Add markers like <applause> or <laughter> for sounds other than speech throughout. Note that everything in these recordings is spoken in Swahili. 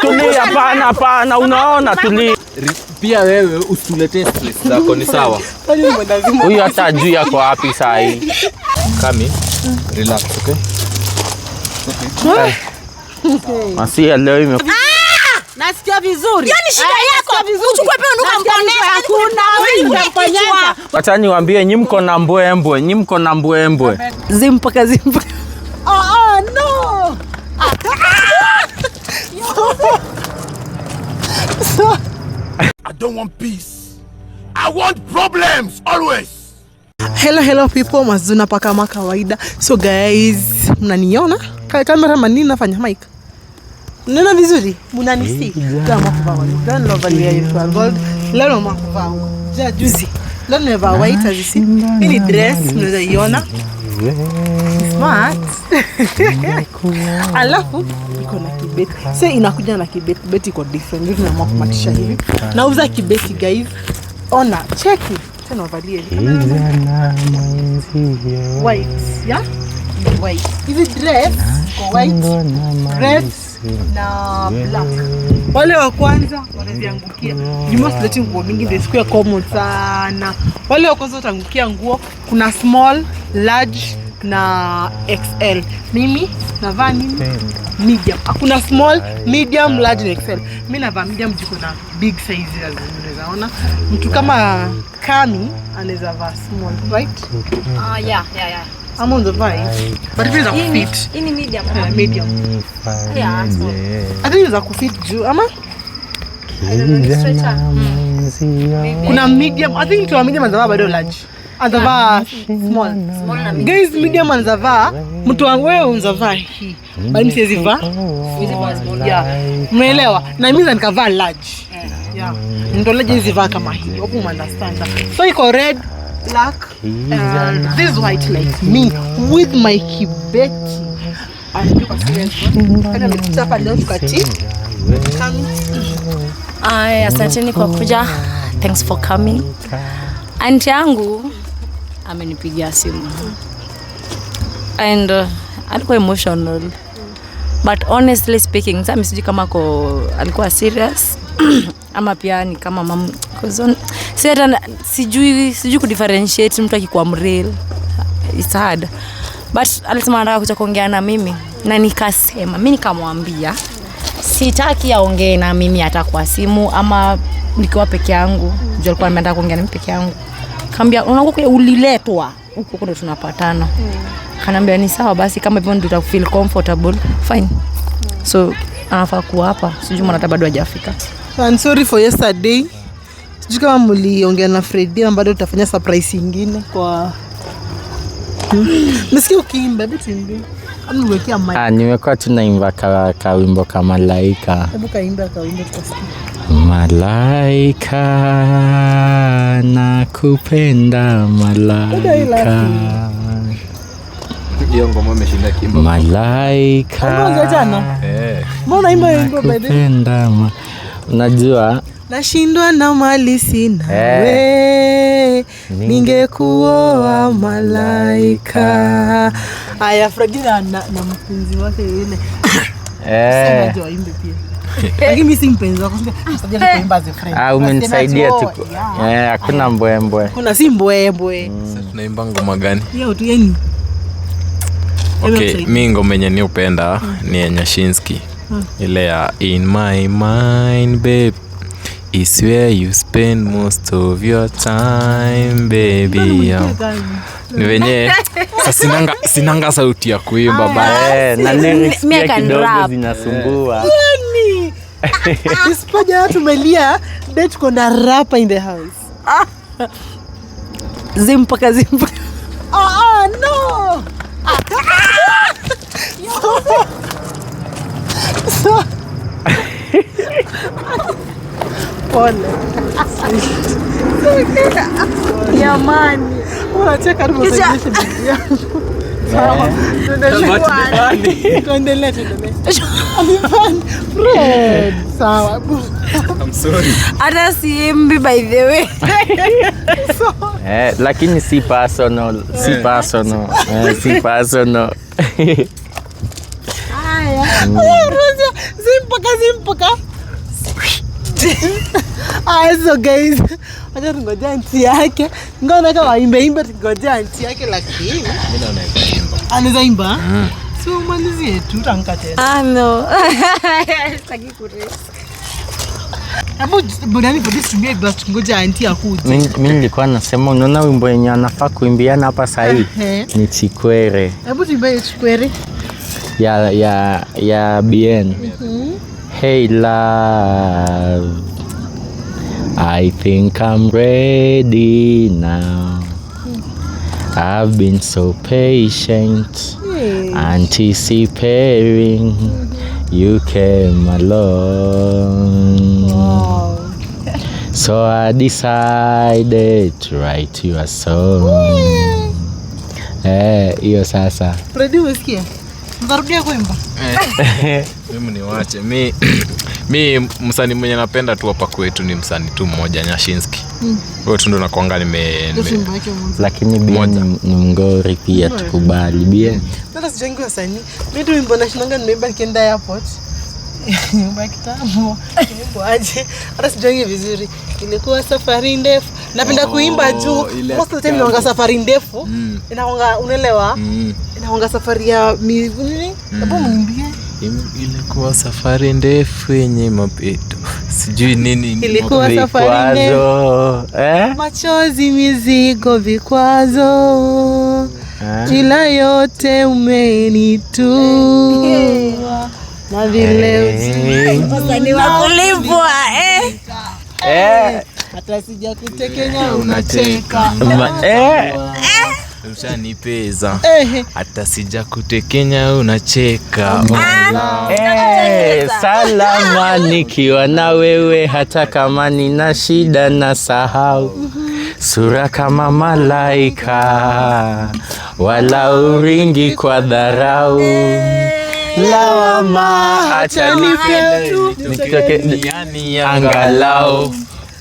Tulia, pana pana, unaona, tulia. Pia wewe usiletee stress zako, ni sawa. Huyu hata ajui yako wapi saa hii. Kami, relax, okay? Eh. Masia leo ime ah! Nasikia vizuri. Yaani shida ah, yako uchukue pesa nuka mkonea hakuna wewe unafanyanga. Acha niwaambie nyimko na mbwembwe, nyimko na mbwembwe. Zimpaka zimpaka. Aa, ah, no! so, I don't want peace. I want problems always. Hello, hello people, mazuna paka kama kawaida. So guys, mnaniona? Kale kamera manini nafanya mic. Mnaona vizuri? Mnanisi. Kama kuvaa wale. Dan love ile ya gold. Leo mwa kuvaa. Ja juzi. Leo white as you see. Hii dress mnaweza iona alafu <laughs> iko na kibeti se inakuja na kibeti beti iko different ndio tunaamua kumatisha hivi nauza kibeti guys ona cheki tena uvalie white hizi dress na black. Wale wa kwanza wanaziangukia let nguo mingi square common sana. Wale wa kwanza wataangukia nguo, kuna small, large na XL. Mimi navaa nini? Medium. Hakuna ah, small, medium, large na XL. Mimi navaa medium jiko na big size unaweza ona. Mtu kama Kami anaweza vaa small, right? Ah, yeah, yeah, yeah. I'm on the vibe. But if it's a fit. Hii medium. Yeah, medium. Yeah, I think it's a fit juu, ama? Kuna medium. I think tuna medium anzavaa bado large. Anzavaa small. Guys, medium anzavaa. Mtu wangu wewe unzavaa hii. Bali msiwezi vaa. Yeah. Umeelewa? Na mimi nikavaa large. Yeah. Ndio large hizi vaa kama hii. Hapo understand. So iko red black and uh, this white like me with my kibeti Ay, asanteni kwa kuja. Thanks for coming. Anti yangu amenipigia simu and uh, alikuwa emotional but honestly speaking, sami sijui kama ko alikuwa serious <clears throat> ama pia ni kama mamu si hata sijui, sijui kudifferentiate mtu akikuwa mreal it's hard, but alisema anataka kuja kuongea na mimi na nikasema, mi nikamwambia sitaki aongee na mimi hata kwa simu ama nikiwa peke yangu. Juu alikuwa ameenda kuongea na mimi peke yangu, kaambia unakuwa uliletwa huko huko ndo tunapatana. Kanaambia ni sawa basi, kama hivyo ndio feel comfortable fine. So anafaa kuwa hapa, sijui mwanata bado hajafika. I'm sorry for yesterday Sijui kama mliongea na Fredi ama bado utafanya surprise nyingine kwa Msikia hmm. ukiimba hebu tuimbie. Amniwekea mic. Ah, nimekuwa tunaimba ka kawimbo ka malaika. Hebu kaimba kawimbo tukasikie. Malaika nakupenda malaika. Malaika. Mbona eh. unaimba hiyo ngoma? Unajua nashindwa na mali sina we eh. ningekuoa malaika. Aya, fragina na na mpenzi wake yule eh. ah, ah, umenisaidia tu, eh, hakuna mbwembwe, kuna si mbwembwe. Mm. Tunaimba ngoma gani? Okay, mi ngoma yenye ni upenda mm. ni ya Nyashinski mm. ile ya in my mind babe is where you spend most of your time baby. Ni venye sinanga, sinanga sauti ya kuimba ah, bae na lyrics pia kidogo zinasumbua <laughs> ispoja tumelia de tuko na rapa in the house zimpaka zimpaka oh, no ah. <laughs> <laughs> pole. Jamani, unacheka <laughs> eh. <laughs> hata siimbi by the way. Eh, lakini si personal, si eh. personal, eh, si personal. Haya. Mm. Mpaka si mpaka nti. <laughs> Ah, so guys, wacha tungoja nti yake. Ngona kama waimbe imbe tungoja nti yake lakini. imba. Anaweza imba? Hmm. Si umalizie tu tamka tena. Ah no. <laughs> Sitaki kuresi. Hapo bodani bodi tumie basi tungoja anti akuje. Mimi nilikuwa nasema unaona wimbo yenye anafaa kuimbiana hapa saa hii ni Chikwere. Hebu tuimbe Chikwere. Ya ya ya BN. Mhm. Hey love, I think I'm ready now. I've been so patient, anticipating you came along. So I decided to write you a song. Eh, hiyo sasa. Produce here. Mtarudia kuimba? Eh. Mimi niwache. Mi <clears throat> mi msanii mwenye napenda tu hapa kwetu ni msanii tu mmoja Nyashinski. Mm. Wewe tu ndo nakwanga nime, nime... Lakini Bien ni mgori pia tukubali bi Sasa sijangi wasanii. Mimi tu wimbo na shinanga nimeiba kienda airport. Nyumba <laughs> kitambo. Nimbo aje. Hata sijangi vizuri. Ilikuwa safari ndefu napenda oh, kuimba juu most of the time naonga safari ndefu mm. inaonga unaelewa mm. inaonga safari ya mizuni hapo mm. mwimbie ilikuwa safari ndefu yenye mapito sijui nini ilikuwa safari eh? machozi mizigo vikwazo eh? kila eh? yote umenitua eh. na vile eh. eh. kulipwa eh. eh. Eh, eh! Eh! hata sija kutekenya unacheka ah, ah! ushani hata sija kutekenya unacheka. Salama nikiwa na wewe, hata kama nina shida na sahau sura kama malaika, wala uringi kwa dharau lawama, hata nipe angalau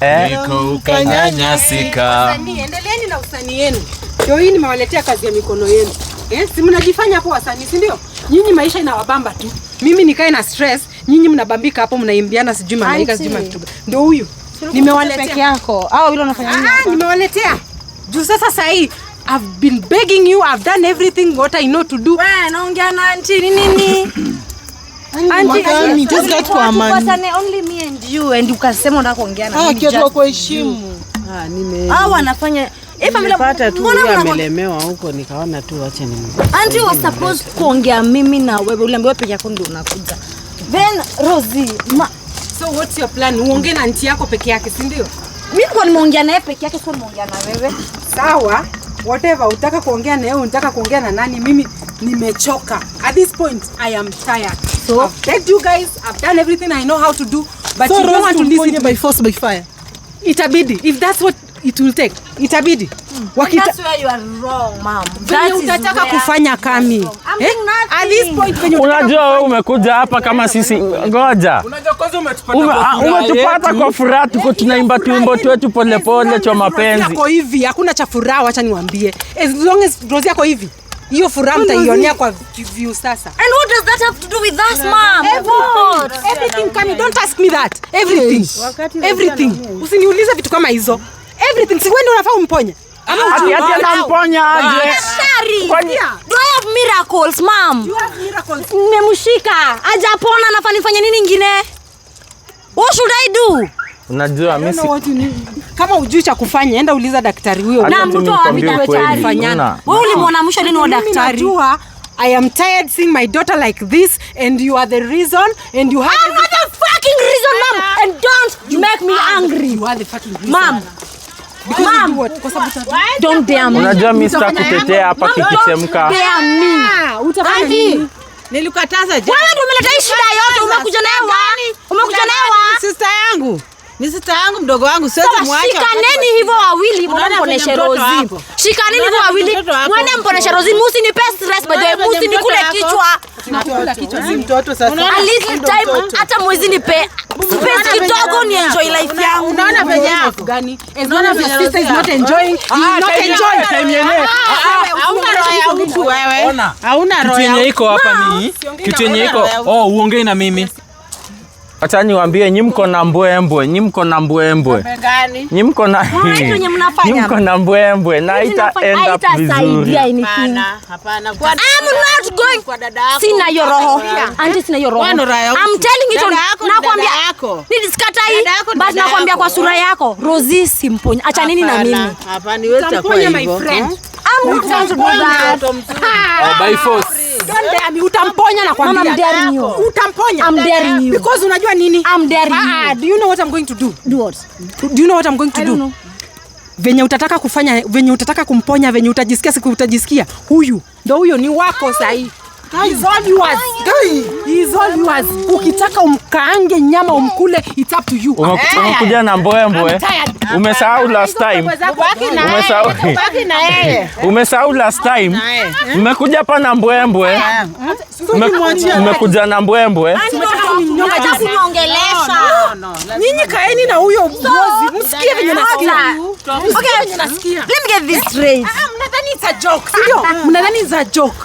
Eh? niko ukanyanyasika. Eh, endeleeni na usanii yenu. Leo hii nimewaletea kazi ya mikono yenu. Eh, si mnajifanya hapo wasanii, si ndio? Nyinyi maisha inawabamba tu. Mimi nikae na stress, nyinyi mnabambika hapo mnaimbiana sijui malaika sijui matuba. Ndio huyu. Nimewaletea peke yako. Hao hilo unafanya nini? Ah, nimewaletea. Juu sasa saa hii I've been begging you, I've done everything what I know to do. Wewe naongea na auntie nini? <coughs> wanafanya eh, nimepata amelemewa huko, nikaona tu acha kuongea mimi na wewe, uliambiwa peke yako ndio unakuja. Then Rosie, so what's your plan? Uongee na auntie yako peke yake, si ndio? Mimi nilikuwa nimeongea naye peke yake, sio nimeongea na wewe. Sawa, whatever, utaka kuongea na yeye, unataka kuongea na nani? Mimi nimechoka. At this point I am tired. So I've begged you guys, I've done everything I know how to do, but so you don't want to listen to me. by force by fire. Itabidi if that's what it will take. Itabidi. Hmm. Wakita... That's where you are wrong, mom. That is utataka kufanya kami. Eh? At this point when you unajua umekuja hapa kama sisi ngoja. Unajua kwanza ah, umetupata kwa furaha tuko eh, tunaimba tuimbo wetu polepole cha mapenzi. Yako hivi, hakuna cha furaha acha niwaambie. As long as Rosie yako hivi. Hiyo furaha mtaionea kwa view sasa. And what does that have to do with us, mom? Everything coming. Don't ask me that. Everything. Everything. Usiniulize vitu kama hizo. Everything. Si wewe ndio unafaa umponye. Nimemshika. ajapona, nafaa nifanye nini nyingine? What should I do? Unajua mimi kama ujui cha kufanya, enda uliza daktari huyo. Na mtoto wa Wewe ulimwona mwisho lini wa daktari? I am tired seeing my daughter like this and you are the reason and you have I'm not the fucking reason, mom. And don't you make me angry. You are the fucking reason. Mom. Unajua kutetea hapa kikichemka. jana. Wewe ndio umeleta shida yote, umekuja nayo. Umekuja nayo. Sister yangu. Ni sita yangu mdogo wangu siwezi mwacha. Shikaneni hivyo wawili mwende mponeshe Rozi. Shikaneni hivyo wawili mwende mponeshe Rozi. Musi ni best stress by the way. Musi nikule kichwa. Nakula kichwa si mtoto sasa. A little time hata mwezi ni pe space kidogo ni enjoy life yangu. Unaona venye yako gani? Unaona venye your sister is not enjoying. Ah, you not enjoy time ah, ah, yenyewe. Hauna roho ya mtu wewe. Hauna roho. Kitu yenye iko hapa ni kitu yenye iko. Oh, uongee na mimi. Acha niwaambie nyi mko na mbwembwe, nyi mko na mbwembwe. Nyi mko na ah, nyi mko na mbwembwe na up vizuri. Hapana, hapana. I'm not going. Sina hiyo roho. Anti sina hiyo roho. I'm telling you nakwambia. Nilikatai. But nakwambia kwa sura yako, Rosie simponya. Acha nini na mimi. Hapana, niweza kwa hivyo. I'm not going to do that. By force. Don't dare me. Utamponya na kwambia. Mama, I'm daring you. Utamponya. I'm daring you. Because unajua nini? I'm daring ah, you. do you know what I'm going to do? Do what? Do you know what I'm going to do? I don't know. Venye utataka kufanya, venye utataka kumponya, venye utajisikia siku utajisikia. Huyu ndo huyo ni wako ah. sahii. Guys, all Ukitaka umkaange nyama umkule, it's up to you. Umekuja na mboe <laughs> Umesahau last time. Umesahau last time. Umekuja hapa na mboe Umekuja na mboe mboe. kaeni na huyo mbozi. Msikie venye nasikia. Okay, let me get this straight. Ah, ah, mnadhani it's a joke, sio? Ah, mnadhani it's a joke.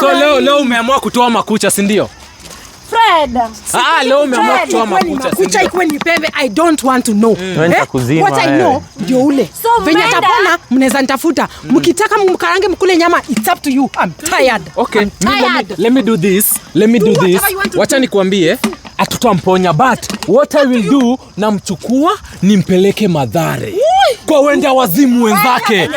So leo leo umeamua kutoa makucha, si ndio? Fred. Ah, ah leo umeamua kutoa makucha. Kucha ni pembe, I don't want to know. Mm. Eh? What I eh. know ndio ule. Venye tapona eh? mnaweza nitafuta. Mm. Mkitaka mkarange mkule nyama, it's up to you. I'm tired. Okay. I'm tired. Let me do this. Let me do this. Wacha nikwambie atutamponya but what I will do namchukua nimpeleke Madhare kwa wenda wazimu wenzake.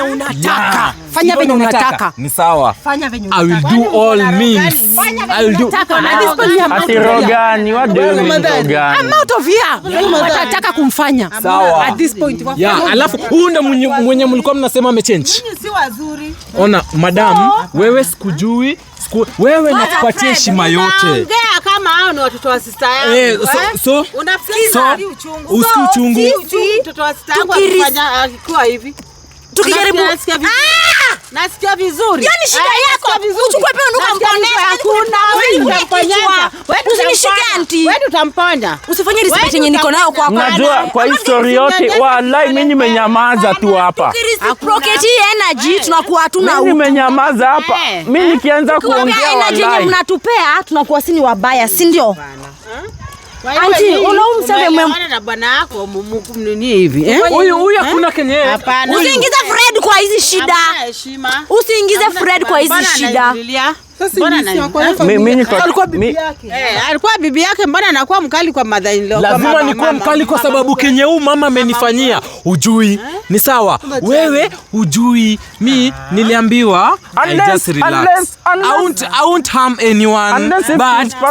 Fanya venye unataka. Ni sawa. Fanya venye unataka. I will do all means. I will do. Asirogani, what do you mean rogani? I'm out of here. Watataka kumfanya. Sawa. At this point. Ya, alafu huyu ndo mwenye mlikuwa mnasema amechange. Ninyi si wazuri. Ona, madam, wewe sikujui, wewe nakupatia heshima yote hao ni watoto wa sista yangu. Eh, eh? so, unafikiri uchungu? Usikii uchungu. Mtoto wa sista yangu akifanya akiwa hivi. Tukijaribu. Nasikia vizuri. Yaani shida yaani yako. Uchukue pia unduka mponesha. Hakuna wewe utamponyaza. Wewe usinishike anti. Wewe utamponya. Usifanye respect yenye niko nayo kwako. Unajua kwa history yote wallahi mimi nimenyamaza tu hapa. Reciprocate energy eh. tunakuwa hatuna huko. Mimi nimenyamaza hapa. Eh. Mimi eh. nikianza kuongea wallahi. Energy mnatupea tunakuwa si ni wabaya, si ndio? Anti, unaumsema mwana na bwana yako mnini hivi. Huyu huyu hakuna kenye. Hapana. Usiingize Fred kwa hizi shida, usiingize Fred kwa hizi shida. Eh, alikuwa bibi yake, mbona anakuwa mkali kwa mother in law? Lazima nikuwa mkali kwa sababu kenye huu mama amenifanyia ujui ni sawa, wewe ujui, mi ah. niliambiwa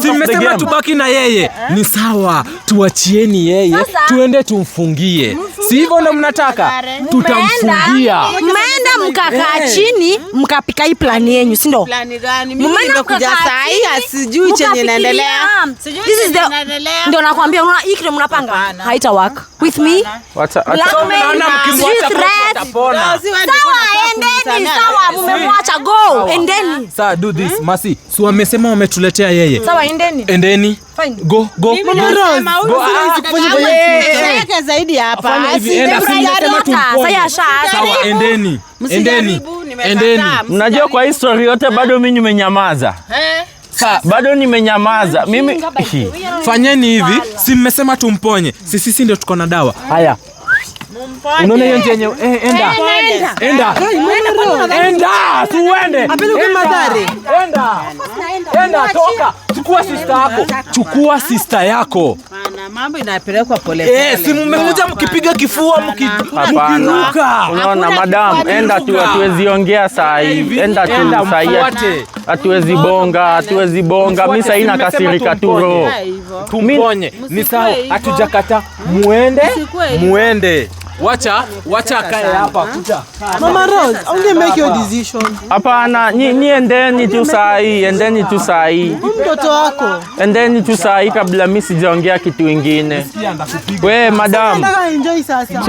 simesema tubaki na yeye, eh? ni sawa, tuachieni yeye tuende tumfungie, si hivyo ndo mnataka? Tutamfungia. Mmeenda mkakaa eh. chini mkapika hii plani yenyu, si ndo? mimi nimekuja saa hii asijui chenye naendelea. This is the ndio nakwambia, unaona hii kile mnapanga haita work with me. naona mkimwacha atapona. Sawa, endeni sawa, mmemwacha go, endeni. Sawa, do this Masi. Hmm? Si wamesema wametuletea yeye. Sawa, endeni. Endeni. Go go. Ah, zaidi hapa. Sasa endeni. Endeni endeni. Mnajua kwa history yote eh? bado mimi nimenyamaza eh? bado nimenyamaza mimi. <laughs> Fanyeni hivi, si mmesema tumponye? Si sisi ndio tuko na dawa. Haya, unaona hiyo njenye, eh, enda enda enda, tuende enda, toka, chukua sister yako, chukua sister yako mambo inapelekwa pole eh, pole. Eh, si mmekuja mkipiga kifua mkiruka. Unaona madam, enda tu, hatuwezi ongea saa hii. Enda tu saa hii. Hatuwezi bonga, hatuwezi bonga. Mimi saa hii nakasirika tu roho. Tumponye. Ni sawa, hatujakata. Muende, muende. Wacha, wacha akae hapa. Mama Rose, unge make your decision. Hapana, ni endeni tu saa hii, endeni tu saa hii. Mtoto wako. Endeni tu saa hii kabla mimi sijaongea kitu kingine. We madam. Enjoy sasa.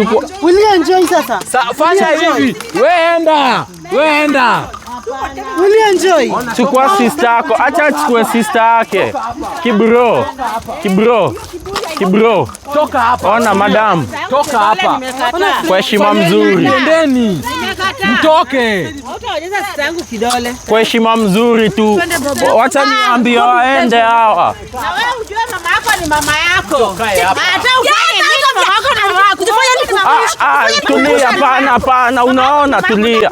Will you enjoy sasa? Fanya hivi. We enda. We enda enjoy? Chukua sister yako, acha achukue sister yake. Kibro. Kibro. Kibro. Toka hapa. Ona madam. Toka hapa. Kwa heshima mzuri. Endeni. Mtoke. Hautaonyesha sister yangu kidole. Kwa heshima mzuri tu. Wacha niambie waende hawa. Na wewe ujue mama yako ni ah, mama ah, yako. Hata ukae mimi mama yako na mama yako. Tulia, pana pana, unaona tulia.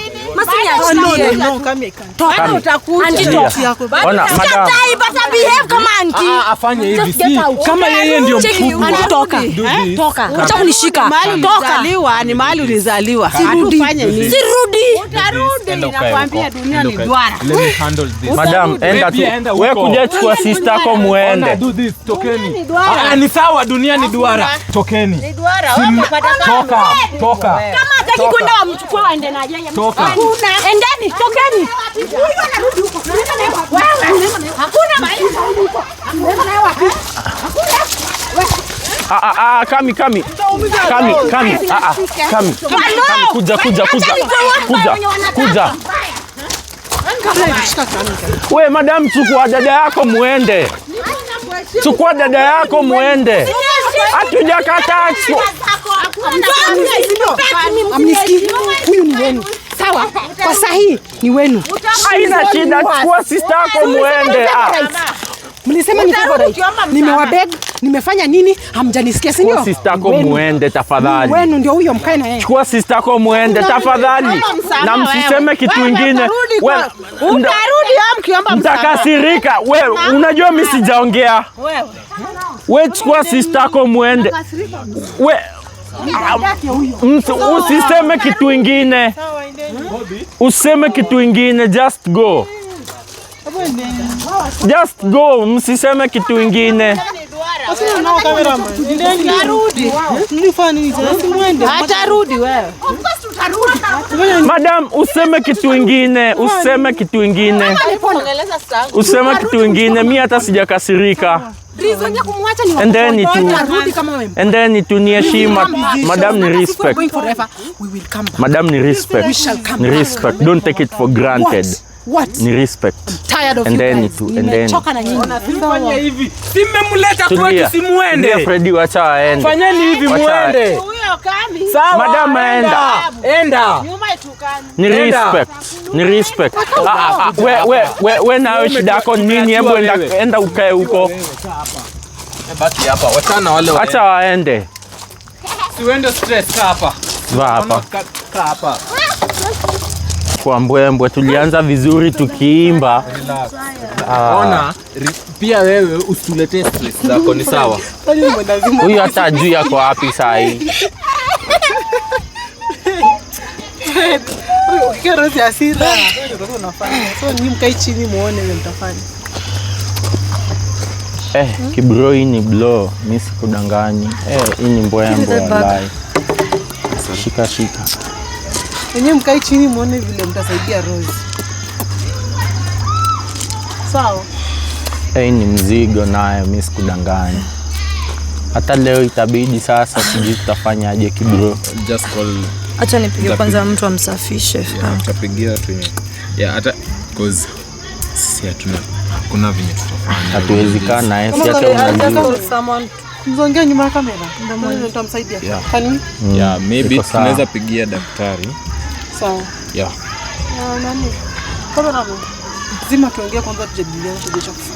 Masinya. Oh, no, no, no, kama ikan. Toka utakuja. Andito. Ona, madam behave kama anti. Ah, ah, afanye hivi kama yeye ndio mkubwa. Eh? Eh? Toka. Toka. Acha kunishika. Mahali ulizaliwa ni mahali ulizaliwa. Sirudi. Sirudi. Utarudi. Nakwambia dunia ni duara. Madam, enda tu. Wewe kuja chukua sister yako muende. Tokeni. Ah, ni sawa dunia ni duara. Tokeni. Ni duara. Toka. Toka. Kama hataki kwenda wamchukue waende na yeye. Toka. Endeni, tokeni. Huyu anarudi huko. Wewe. Hakuna Kami, kami, ah, ah. kami, kami, kuja, kuja, kuja, kuja, kuja. We madam, chukua dada yako muende, chukua dada yako muende. Hatujakataa sawa, kwa sahii ni wenu, haina shida. Chukua sista yako muende. Ah. Mlisema nimewabeg, nimefanya nini? Hamjanisikia si ndio? Sister yako muende tafadhali. Wenu ndio huyo mkae na yeye. Chukua sister yako muende tafadhali. Na msiseme kitu kingine. Wewe utarudi hapo mkiomba msamaha. Mtakasirika. Wewe unajua mimi sijaongea. Wewe. Wewe chukua sister yako muende. Wewe usiseme kitu kingine. Usiseme kitu kingine, just go. Just go, msiseme kitu ingine. Madam, useme kitu ingine, useme kitu ingine, useme kitu ingine. Mi hata sijakasirika. And then itu ni heshima. Madam ni respect. Madam ni respect. Ni respect. Don't take it for granted. What? ni respect. Tired of and you guys. And Then nimechoka na nyinyi. Fanya hivi. Si mmemleta kwetu si muende. Fredi acha aende. Fanyeni hivi muende. Sawa. Madam aenda. Enda. Ni respect. Ni respect. We we we we nayo shida yako nini? Hebu enda enda ukae huko. Baki hapa. Wachana wale. wale. Acha waende. Siwende stress hapa. Hapa. Hapa kwa mbwembwe. Tulianza vizuri tukiimba. Ah. Ona, pia wewe usituletee stress zako, ni sawa? Huyu hata ajui yako wapi saa hii. Eh, kibro hii ni blo, mimi sikudanganyi. Eh, hii ni mbwembwe. Shika shika. Enyewe mkae chini mwone vile mtasaidia Rose. Sawa. Hii ni mzigo nayo, mi sikudanganya. Hata leo itabidi sasa, sijui tutafanyaje kibro. Just call. Acha nipige kwanza mtu amsafishe. Tukapigia tu. Yeah, hata cause si hatuna kuna vinyo tutafanya. Hatuwezi kaa naye, si hata unajua. Mzongea nyuma ya kamera. Ndio mwenye tutamsaidia. Yeah, maybe tunaweza pigia daktari sawa. Yeah. Na nani? Kama na mzima tuongee kwanza tujadiliane tuje cha